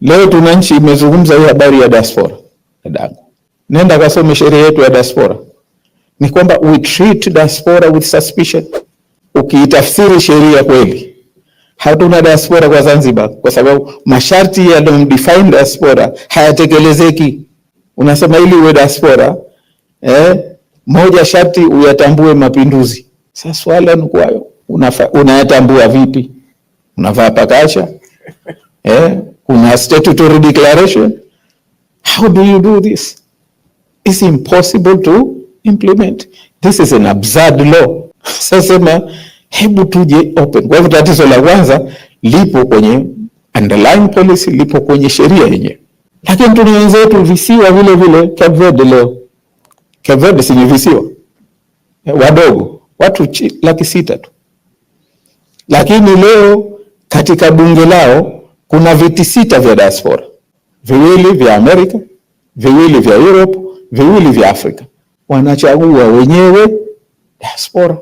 Leo Tunanchi imezungumza hii habari ya diaspora. Dadangu, nenda kasome sheria yetu ya diaspora. Ni kwamba we treat diaspora with suspicion. Ukiitafsiri sheria kweli, hatuna diaspora kwa Zanzibar, kwa sababu masharti ya yanayomdefine diaspora hayatekelezeki. Unasema ili uwe diaspora eh, moja sharti uyatambue mapinduzi. Sasa swala ni kwayo, unayatambua vipi? Unavaa pakacha eh Una statutory declaration. How do you do this? It's impossible to implement. This is an absurd law. Sasema hebu tuje open. Kwa hivyo tatizo la kwanza lipo kwenye underlying policy, lipo kwenye sheria yenyewe, lakini tuna wenzetu visiwa vile vile Cape Verde leo. Cape Verde si visiwa eh, wadogo, watu laki sita tu, lakini leo katika bunge lao kuna viti sita vya diaspora, viwili vya Amerika, viwili vya Europe, viwili vya Afrika. Wanachagua wenyewe diaspora,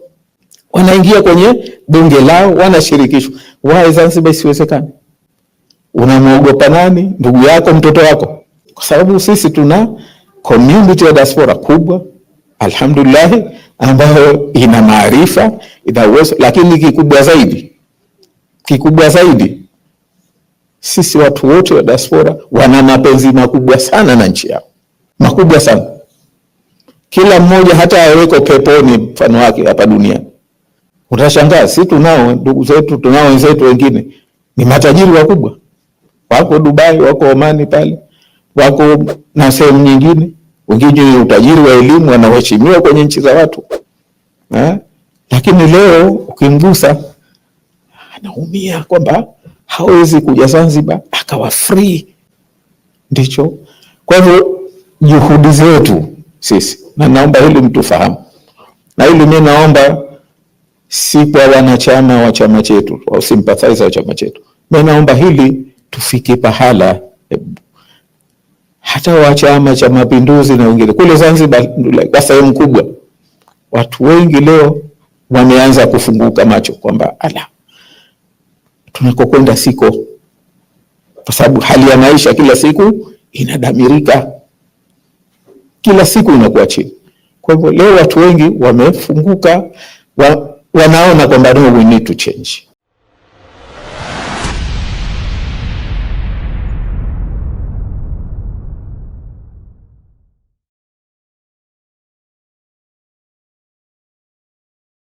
wanaingia kwenye bunge lao, wanashirikishwa. Wae Zanzibar isiwezekani? Unamwogopa nani? Ndugu yako, mtoto wako? Kwa sababu sisi tuna community ya diaspora kubwa, alhamdulillah, ambayo ina maarifa, ina uwezo, lakini kikubwa zaidi, kikubwa zaidi sisi watu wote wa diaspora wana mapenzi makubwa sana na nchi yao, makubwa sana. Kila mmoja hata aweko peponi mfano wake hapa duniani. Utashangaa, si tunao ndugu zetu, tunao wenzetu wengine ni matajiri wakubwa, wako Dubai, wako Omani pale, wako na sehemu nyingine. Wengine ni utajiri wa elimu, wanaheshimiwa kwenye nchi za watu ha? Eh? Lakini leo ukimgusa anaumia kwamba hawezi kuja Zanzibar akawa free. Ndicho kwa hivyo juhudi zetu sisi, na naomba hili mtufahamu, na hili mimi naomba si kwa wanachama wa chama chetu au sympathizer wa chama chetu, mimi naomba hili tufike pahala hata wa Chama cha Mapinduzi na wengine kule Zanzibar, kwa sehemu kubwa watu wengi leo wameanza kufunguka macho kwamba ala tunakokwenda siko, kwa sababu hali ya maisha kila siku inadamirika, kila siku inakuwa chini. Kwa hivyo leo watu wengi wamefunguka wa, wanaona kwamba no, we need to change